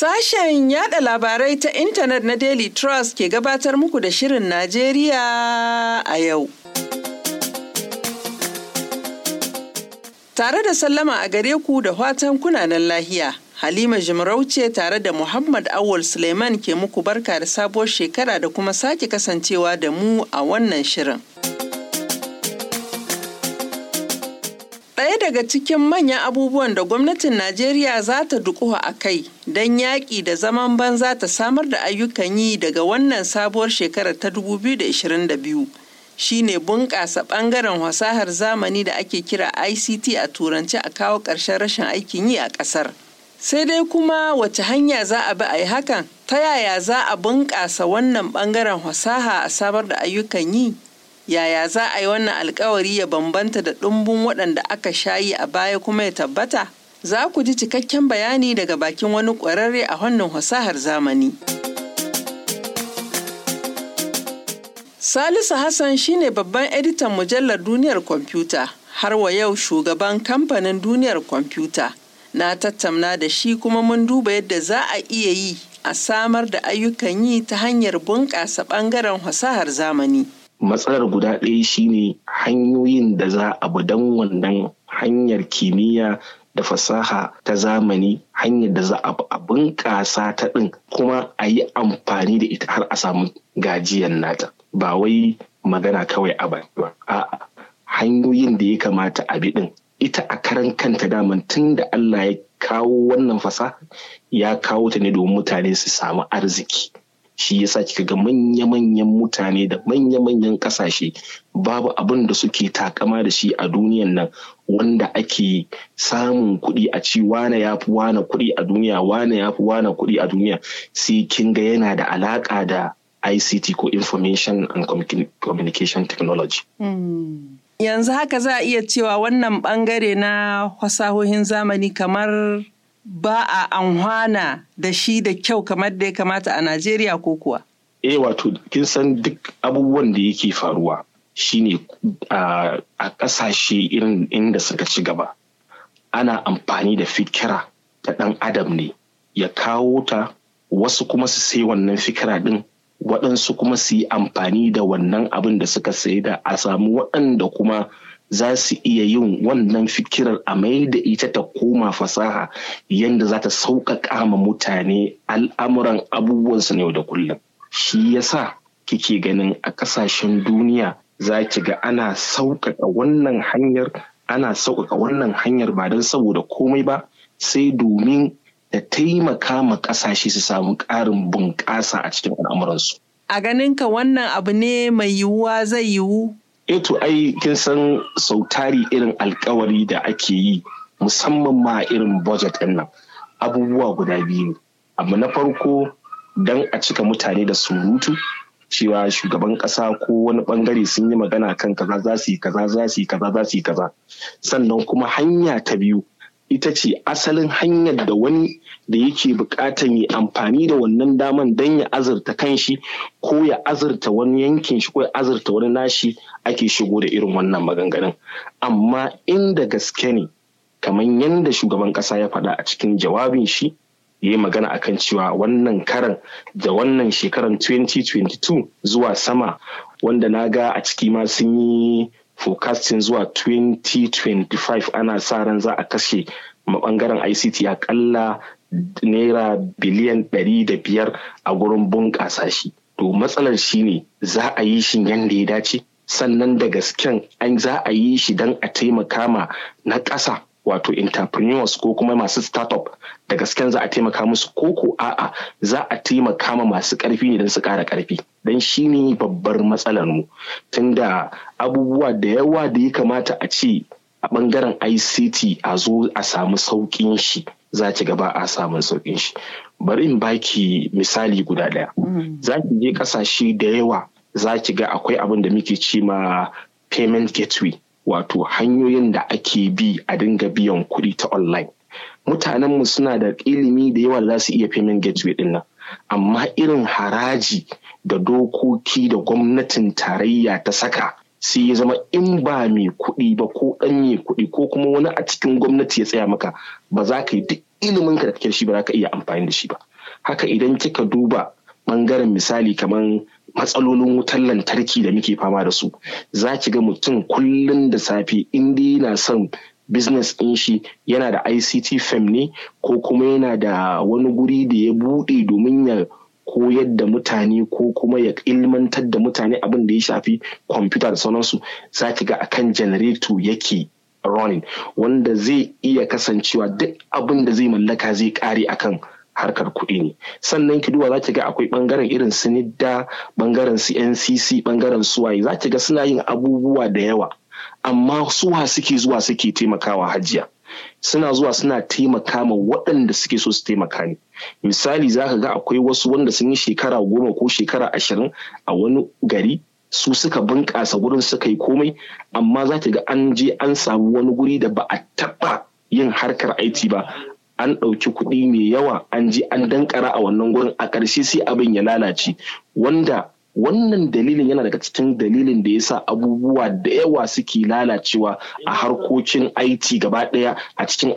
Sashen yada labarai ta intanet na Daily Trust ke gabatar muku da Shirin Najeriya a yau. Tare da sallama a gare ku da watan kunanan lahiya, Halima Jimarauce tare da Muhammad Awul Suleiman ke muku barka da sabuwar shekara da kuma sake kasancewa da mu a wannan shirin. daga cikin manyan abubuwan da gwamnatin Najeriya za ta dukuwa a kai don yaƙi da zaman banza ta samar da ayyukan yi daga wannan sabuwar shekarar ta 2022 shine bunƙasa ɓangaren fasahar zamani da ake kira ICT a turanci a kawo ƙarshen rashin aikin yi a ƙasar. Sai dai kuma wace hanya za a bi a yi hakan? Ta yaya za a bunƙasa wannan ɓangaren fasaha a samar da ayyukan yi? yaya za a yi wannan alkawari ya bambanta da ɗumbun waɗanda aka shayi a baya kuma ya tabbata? Za ku ji cikakken bayani daga bakin wani ƙwararre a wannan fasahar zamani. Salisu Hassan shine babban editan mujallar duniyar kwamfuta, har wa yau shugaban kamfanin duniyar kwamfuta. Na tattauna da shi kuma mun duba yadda za a iya yi a samar da ayyukan yi ta hanyar bunƙasa ɓangaren fasahar zamani. matsalar guda ɗaya shine hanyoyin da za a bi don wannan hanyar kimiyya da fasaha ta zamani hanyar da za a bunƙasa ta ɗin kuma a yi amfani da ita har a samu gajiyar nata ba wai magana kawai a ba hanyoyin da ya kamata a bi ɗin ita a karan kanta daman tun da Allah ya kawo wannan fasaha ya kawo ta ne domin mutane su samu arziki shi yasa kika ga manya-manyan mutane da manya-manyan kasashe babu abin da suke takama da shi a duniyan nan wanda ake samun kuɗi a ci wane ya fi wane kuɗi a duniya wane ya fi wane kuɗi a duniya sai kin ga yana da alaƙa da ICT ko Information and Communication Technology. Hmm. Yanzu haka za a iya cewa wannan bangare na fasahohin zamani kamar ba a anhwana da shi da kyau kamar da ya kamata a Najeriya ko kuwa? Eh wato kin san duk abubuwan da yake faruwa shine a ƙasashe irin inda suka ci gaba ana amfani da fikira ta ɗan adam ne ya kawo ta wasu kuma su sai wannan fikira ɗin waɗansu kuma su yi amfani da wannan abin da suka sai da a samu waɗanda kuma za su iya yin wannan fikirar a mai da ita ta koma fasaha yadda za ta sauƙaƙa ma mutane al'amuran abubuwansu na yau da kullum shi yasa kike ganin a ƙasashen duniya za ki ga ana sauƙaƙa wannan hanyar ana sauƙaƙa wannan hanyar ba don saboda komai ba sai domin da taimaka ma ƙasashe su samu ƙarin bunƙasa a cikin al'amuransu. A ganinka wannan abu ne mai yiwuwa zai yiwu eto eh ai kin san sautari irin alkawari da ake yi musamman ma irin budget din nan abubuwa guda biyu abu na farko dan a cika mutane da surutu cewa shugaban kasa ko wani bangare sun yi magana kan kaza za su yi kaza za su yi kaza za su yi kaza sannan kuma hanya ta biyu ita ce asalin hanyar da wani da yake bukatan ya amfani da wannan daman don ya azurta kanshi ko ya azurta wani yankin shi ko ya azurta wani nashi ake shigo da irin wannan maganganun amma inda gaske ne kamar yadda shugaban kasa ya faɗa a cikin jawabin shi ya yi magana akan cewa wannan karan da wannan shekaran 2022 zuwa sama wanda na ga a ciki ma sun yi forecasting zuwa 2025 ana sa ran za a kashe bangaren ICT akalla naira biliyan ɗari da biyar a gurin bunƙasa shi to matsalar shi ne za a yi shi yadda ya dace sannan da gasken an za a yi shi don a taimaka ma na ƙasa wato entrepreneurs ko kuma masu startup da gasken za a taimaka musu ko ko a'a za a taimaka ma masu ƙarfi ne don su ƙara ƙarfi don shi ne babbar matsalar mu tunda abubuwa da yawa da ya kamata a ce a ɓangaren ICT a zo a samu sauƙin shi za ki gaba a samun saukin shi bari in baki misali guda ɗaya mm. za ki je ƙasashe da yawa za ki ga akwai abin da muke ci ma payment gateway wato hanyoyin da ake bi a dinga biyan kuɗi ta online mutanen mu suna da ilimi da yawa za su iya payment gateway ɗin nan amma irin haraji da dokoki da gwamnatin tarayya ta saka sai ya zama in ba mai kuɗi ba ko ɗan mai kuɗi ko kuma wani a cikin gwamnati ya tsaya maka ba za ka yi duk ilimin ka da shi ba za ka iya amfani da shi ba haka idan kika duba ɓangaren misali kamar matsalolin wutar lantarki da muke fama da su za ki ga mutum kullum da safe in dai yana son business ɗin shi yana da ICT firm ne ko kuma yana da wani guri da ya buɗe domin ya koyar da mutane ko kuma ya ilmantar da mutane abin da ya shafi kwamfuta da sauransu za ki ga akan janareto yake running wanda zai iya kasancewa duk abin da zai mallaka zai kare akan harkar kuɗi ne sannan ki duba za ki ga akwai bangaren irin su nidda bangaren su ncc bangaren suwaye za ki ga suna yin abubuwa da yawa amma suwa suke zuwa suke taimakawa hajiya suna zuwa suna taimaka ma waɗanda suke so su taimaka ne misali za ka ga akwai wasu wanda sun yi shekara goma ko shekara ashirin a wani gari su suka bunƙasa gurin suka yi komai amma za ta ga an je an samu wani guri da ba a taɓa yin harkar IT ba an ɗauki kuɗi mai yawa an je an dankara a wannan gurin a ƙarshe sai abin ya lalace wanda wannan dalilin yana daga cikin dalilin da ya sa abubuwa da yawa suke lalacewa a harkokin IT gaba daya a cikin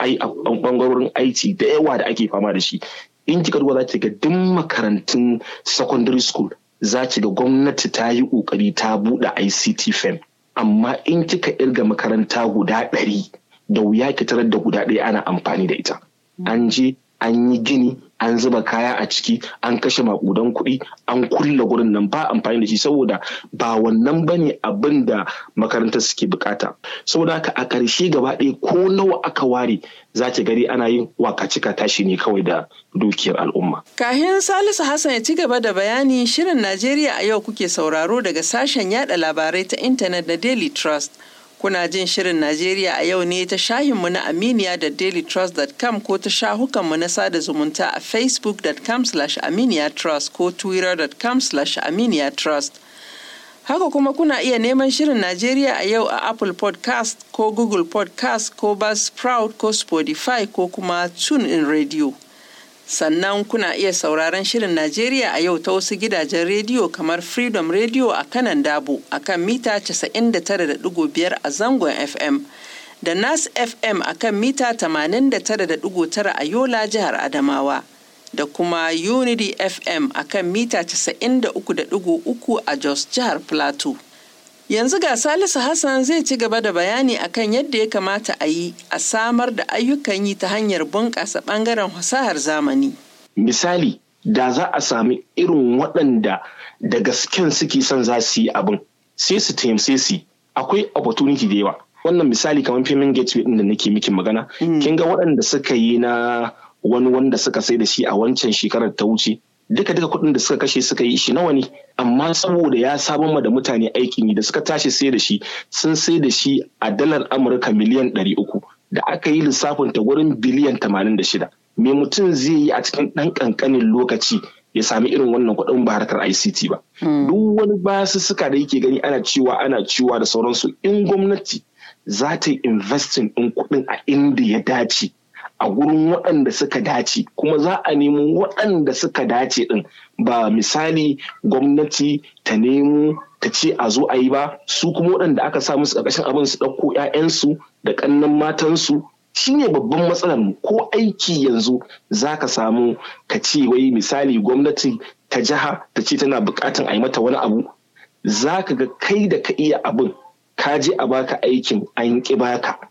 bangarorin IT da yawa da ake fama da shi in kika duba za ki ga duk makarantun secondary school za ki ga gwamnati ta yi ƙoƙari ta buɗe ICT firm amma in kika irga makaranta guda ɗari da wuya ki tarar da guda ɗaya ana amfani da ita an je an yi gini an zuba kaya a ciki an kashe makudan kuɗi an kulle gurin nan ba amfani da shi saboda ba wannan ne abin da makarantar suke bukata saboda haka a ƙarshe gaba ɗaya ko nawa aka ware za ki gari ana yin cika tashi ne kawai da dukiyar al'umma. Kahin Salisu Hassan ya ci gaba da bayani shirin Najeriya a yau kuke sauraro daga sashen yada labarai ta intanet da Daily Trust. Kuna jin shirin Najeriya a yau ne ta shahinmu na Aminiya da dailytrust.com ko ta shahukanmu na sada zumunta a facebookcom aminiyatrust ko twittercom aminiyatrust Haka kuma kuna iya neman shirin Najeriya a yau a Apple podcast ko Google podcast ko Buzzsprout ko Spotify ko kuma in Radio. Sannan kuna iya sauraron Shirin Najeriya a yau ta wasu gidajen rediyo kamar Freedom Radio a kanan Dabo a kan mita 99.5 a zangon FM. Da Nas FM a kan mita 89.9 a Yola jihar Adamawa. Da kuma Unity FM a kan mita 93.3 a Jos jihar Plateau. Yanzu ga Salisu Hassan zai ci gaba da bayani akan yadda ya kamata a yi a samar da ayyukan yi ta hanyar bunƙasa ɓangaren fasahar zamani. Misali, da za a sami irin waɗanda da gasken suke son za su yi abin, sai su taimse su akwai opportunity da yawa. Wannan misali kamar payment gateway ɗin da nake miki magana, mm. kin ga waɗanda suka yi na wani wanda suka sai da shi a wancan shekarar ta wuce duka duka kuɗin da suka kashe suka yi shi nawa ne amma saboda ya sabon da mutane aikin yi da suka tashi sai da shi sun sai da shi a dalar amurka miliyan ɗari uku da aka yi lissafin ta wurin biliyan tamanin da shida me mutum zai yi a cikin ɗan ƙanƙanin lokaci ya sami irin wannan kuɗin ba harkar ICT ba. Hmm. Duk wani basussuka da yake gani ana ciwa ana ciwa da sauransu in gwamnati za ta yi investing ɗin kuɗin a inda ya dace a gurin waɗanda suka dace kuma za a nemo waɗanda suka dace ɗin ba misali gwamnati ta nemo ta ce a zo a yi ba su kuma waɗanda aka sa musu ƙarƙashin abin su ɗauko 'ya'yansu da ƙannan matansu shine babban matsalar ko aiki yanzu za ka samu ka ce wai misali gwamnati ta jiha ta ce tana buƙatar a yi mata wani abu za ka ga kai da ka iya abin ka je a baka aikin an ƙi baka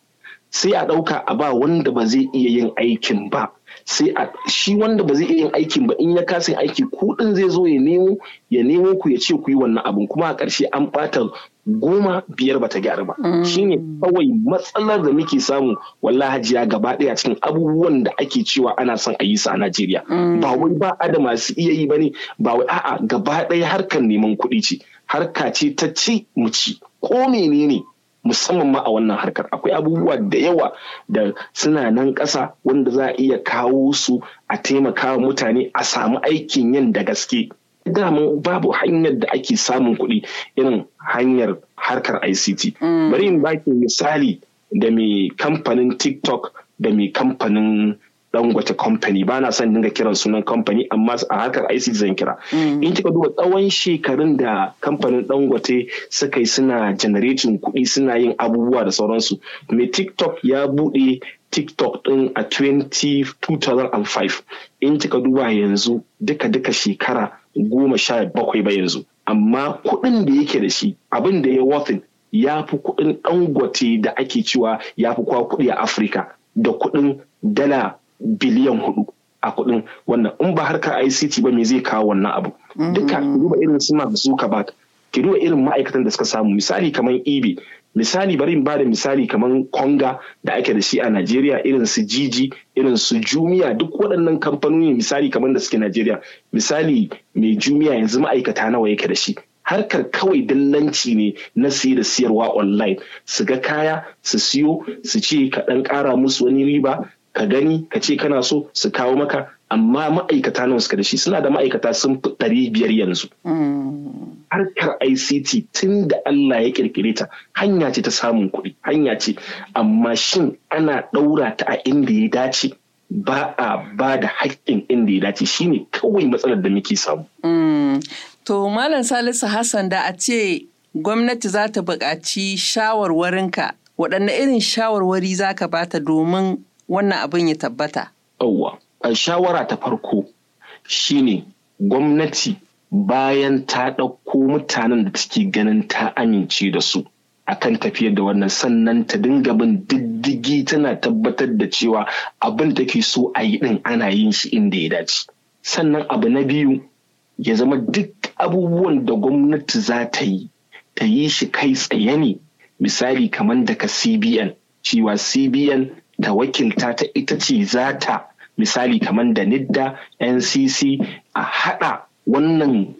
sai a ɗauka a ba wanda ba zai iya yin aikin ba sai a shi wanda ba zai iya yin aikin ba in ya kasa yin aiki kuɗin zai zo ya nemo ya nemo ku ya ce ku yi wannan abin kuma a ƙarshe an ɓata goma biyar bata gyara ba mm. shine kawai matsalar da muke samu wallahi hajiya gaba ɗaya cikin abubuwan da ake cewa ana son a yi su a Najeriya mm. ba wai ba a da masu iya yi bane ba wai a'a gaba ɗaya harkar neman kuɗi ce harka ce ta ci mu ci ko menene musamman ma a wannan harkar akwai abubuwa da yawa da suna nan ƙasa wanda za a iya kawo su a taimaka wa mutane a samu aikin yin da gaske daman babu hanyar da ake samun kuɗi irin hanyar harkar ICT. Mm. Bari in baki misali da mai kamfanin TikTok da mai kamfanin wata company ba na son dinga kiran sunan company amma a harkar ICT zan kira mm. in kika duba tsawon shekarun da kamfanin dangwace suka yi suna generating kuɗi suna yin abubuwa da sauransu me tiktok ya buɗe tiktok din a 2005 in kika duba yanzu duka-duka shekara goma sha bakwai ba yanzu amma kuɗin da yake da shi abin da ya wafin ya fi kuɗin dangote da ake cewa ya fi kwa kuɗi a afirka da kuɗin dala biliyan hudu a kudin wannan in ba harkar ICT ba me zai kawo wannan abu duka ki mm-hmm. duba irin su Mark Zuckerberg ki duba irin ma'aikatan da suka samu misali kamar eBay misali bari ba da misali kamar Konga da ake da shi a Najeriya irin su Jiji irin su Jumia duk waɗannan kamfanoni misali kamar da suke Najeriya misali mai Jumia yanzu ma'aikata nawa yake da shi harkar kawai dillanci ne na siye da siyarwa online su ga kaya su siyo su ce ka ɗan ƙara musu wani riba ka gani ka ce kana so su kawo maka amma ma'aikata nan suka da shi suna da ma'aikata sun fi ɗari biyar yanzu. Harkar ICT tun da Allah ya ƙirƙire ta hanya ce ta samun kuɗi hanya ce amma shin ana ɗaura ta a inda ya dace ba a ba da haƙƙin inda ya dace shine kawai matsalar da muke samu. To Malam Salisu Hassan da a ce gwamnati za ta buƙaci shawarwarinka waɗanne irin shawarwari za ka bata domin wannan abin ya tabbata? Yawwa, shawara ta farko shine gwamnati bayan ta ɗauko mutanen da take ganin ta amince da su akan tafiyar da wannan sannan ta dinga bin diddigi tana tabbatar da cewa abin da ke so a yi ɗin ana yin shi inda ya dace. Sannan abu na biyu ya zama duk abubuwan da gwamnati za ta yi ta yi shi kai tsaye ne misali kamar daga CBN cewa CBN ta wakilta ta ita ce za ta misali kamar da nidda ncc a haɗa wannan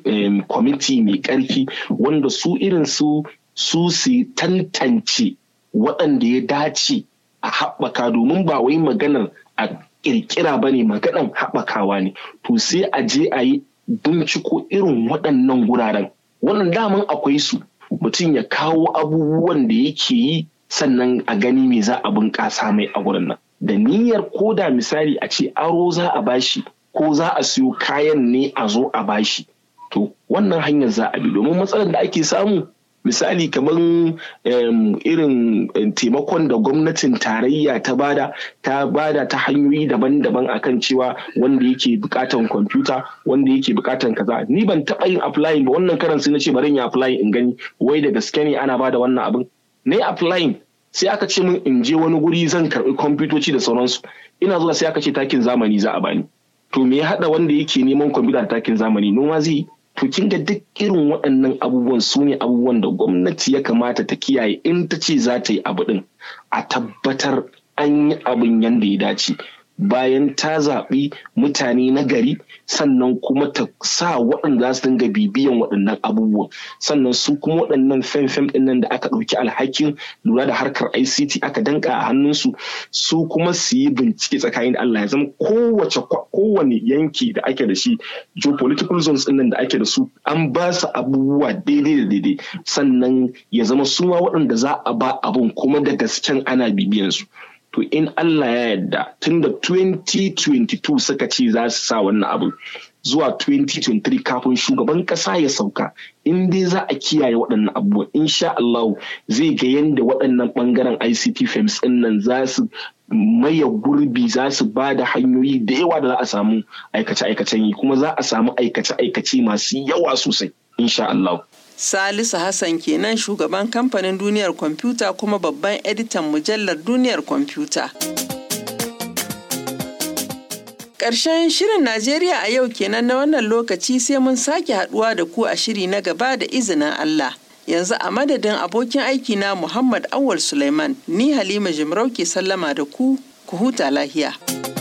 kwamiti mai ƙarfi wanda su irin su su su tantance waɗanda ya dace a haɓaka domin ba wai maganar a ƙirƙira ba ne maganar haɓakawa ne to sai a je a yi binciko irin waɗannan guraren wannan daman akwai su mutum ya kawo abubuwan da yake yi sannan a gani me za a bunƙasa mai a gurin nan da niyyar ko da misali a ce aro za a bashi ko za a siyo kayan ne a zo a bashi to wannan hanyar za a bi domin matsalar da ake samu misali kamar irin taimakon da gwamnatin tarayya ta bada ta bada ta hanyoyi daban-daban akan cewa wanda yake bukatan kwamfuta wanda yake bukatan kaza ni ban taba yin applying ba wannan karan na ce bari in applying in gani wai da gaske ne ana bada wannan abin na yi applying sai aka ce min in je wani guri zan karɓi kwamfutoci da sauransu ina zuwa sai aka ce takin zamani za a bani to me ya haɗa wanda yake neman kwamfuta da takin zamani noma zai to kin ga duk irin waɗannan abubuwan su ne abubuwan da gwamnati ya kamata ta kiyaye in ta ce za ta yi abu ɗin a tabbatar an yi abin yanda ya dace bayan ta zaɓi mutane na gari sannan kuma ta sa waɗanda za su dinga bibiyan waɗannan abubuwan sannan su kuma waɗannan fem-fem ɗin nan da aka ɗauki alhakin lura da harkar ICT aka danka a hannunsu su kuma su yi bincike tsakanin da Allah ya zama kowace kowane yanki da ake da shi geopolitical zones ɗin nan da ake da su an ba su abubuwa daidai da daidai sannan ya zama su ma waɗanda za a ba abun kuma da gasken ana bibiyansu. su to in Allah ya yarda tun da 2022 suka ce za su sa wannan abu zuwa 2023 kafin shugaban kasa ya sauka in dai za a kiyaye waɗannan abubuwan insha Allah zai ga yadda waɗannan ɓangaren ICT firms ɗin nan za su maye gurbi za su ba da hanyoyi da yawa da za a samu aikace-aikacen yi kuma za a samu aikace-aikace masu yawa sosai insha Allah. Salisu Hassan kenan shugaban kamfanin duniyar kwamfuta kuma babban editan mujallar duniyar kwamfuta. Ƙarshen shirin Najeriya a yau kenan na wannan lokaci sai mun sake haduwa da ku a shiri na gaba da izinin Allah. Yanzu a madadin abokin aiki na Muhammad Awal Suleiman, ni Halima Jimarau ke sallama da ku, ku huta lahiya.